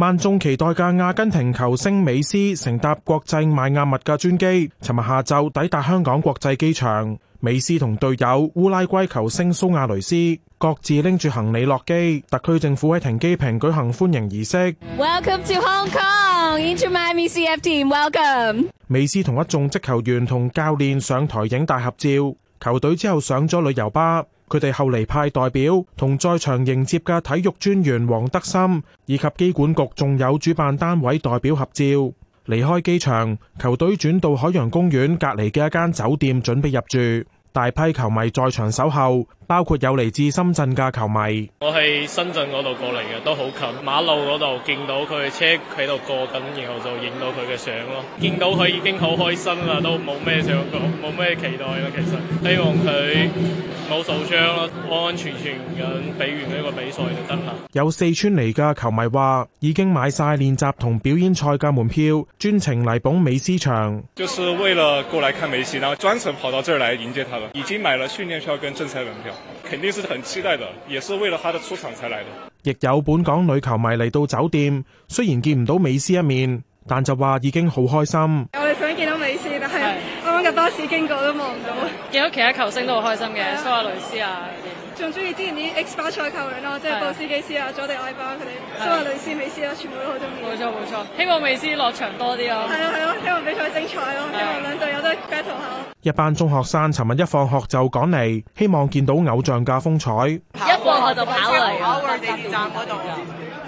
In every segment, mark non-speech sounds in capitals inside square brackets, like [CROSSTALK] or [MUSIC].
萬眾期待嘅阿根廷球星美斯乘搭國際邁阿密嘅專機，尋日下晝抵達香港國際機場。美斯同隊友烏拉圭球星蘇亞雷斯各自拎住行李落機。特區政府喺停機坪舉行歡迎儀式。Welcome to Hong Kong, Inter Miami CF team. Welcome。美斯同一眾職球員同教練上台影大合照。球隊之後上咗旅遊巴，佢哋後嚟派代表同在場迎接嘅體育專員黃德森，以及機管局仲有主辦單位代表合照。離開機場，球隊轉到海洋公園隔籬嘅一間酒店準備入住。大批球迷在場守候，包括有嚟自深圳嘅球迷。我係深圳嗰度過嚟嘅，都好近。馬路嗰度見到佢嘅車喺度過緊，然後就影到佢嘅相咯。見到佢已經好開心啦，都冇咩想講，冇咩期待啦。其實希望佢。冇安、 [NOISE] 啊、安安全全咁比完呢個比賽嘅。真有四川嚟嘅球迷話，已經買晒練習同表演賽嘅門票，專程嚟捧美斯場。就是為了過來看梅西，然後專程跑到這兒來迎接他啦。已經買了訓練票跟正賽門票，肯定是很期待的，也是為了他的出場才來的。亦有本港女球迷嚟到酒店，雖然見唔到美斯一面，但就話已經好開心。我哋想見到美斯，但係嘅巴士經過都望唔到，見到其他球星都好開心嘅，的蘇亞雷斯啊，啲，仲鍾意之前啲 X 巴塞球員咯，的即係布斯基斯啊、佐迪艾巴佢哋，的蘇亞雷斯、美斯啊，全部都好鍾意。冇錯冇錯，希望美斯落場多啲咯。係啊係啊，希望比賽精彩咯，的希望兩隊有得一班中學生尋日一放學就趕嚟，希望見到偶像嘅風采。啊、一放學就跑嚟，啊，我喺地鐵站嗰度，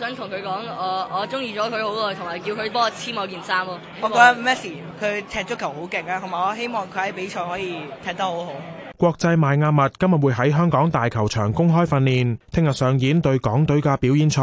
想同佢講，我我中意咗佢好耐，同埋叫佢幫我簽我件衫，啊。我覺得美斯佢踢足球好勁啊，同埋我希望佢喺比賽可以踢得好好。國際邁阿密今日會喺香港大球場公開訓練，聽日上演對港隊嘅表演賽。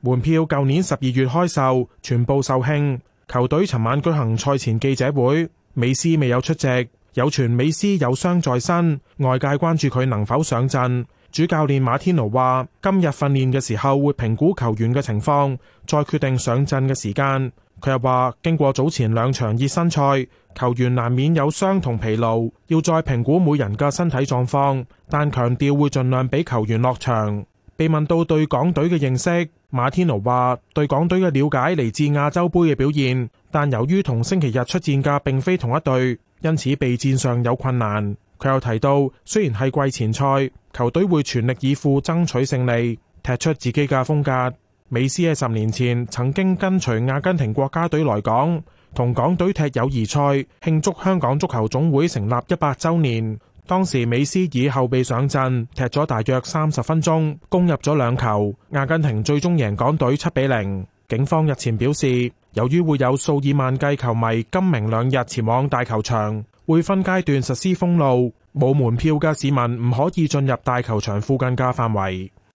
門票舊年十二月開售，全部售罄。球隊尋晚舉行賽前前記者會，美斯未有出席。有傳美斯有傷在身，外界關注佢能否上陣。主教練馬天奴話：今日訓練嘅時候會評估球員嘅情況，再決定上陣嘅時間。佢又話，經過早前兩場熱身賽，球員難免有傷同疲勞，要再評估每人嘅身體狀況，但強調會盡量俾球員落場。被問到對港隊嘅認識，馬天奴話：對港隊嘅了解嚟自亞洲杯嘅表現，但由於同星期日出戰嘅並非同一隊。因此，備戰上有困難。佢又提到，雖然係季前賽，球隊會全力以赴爭取勝利，踢出自己嘅風格。美斯喺十年前曾經跟隨阿根廷國家隊來港，同港隊踢友誼賽，慶祝香港足球總會成立一百周年。當時美斯以後備上陣，踢咗大約三十分鐘，攻入咗兩球。阿根廷最終贏港隊七比零。警方日前表示。由於會有數以萬計球迷今明兩日前往大球場，會分階段實施封路，冇門票嘅市民唔可以進入大球場附近嘅範圍。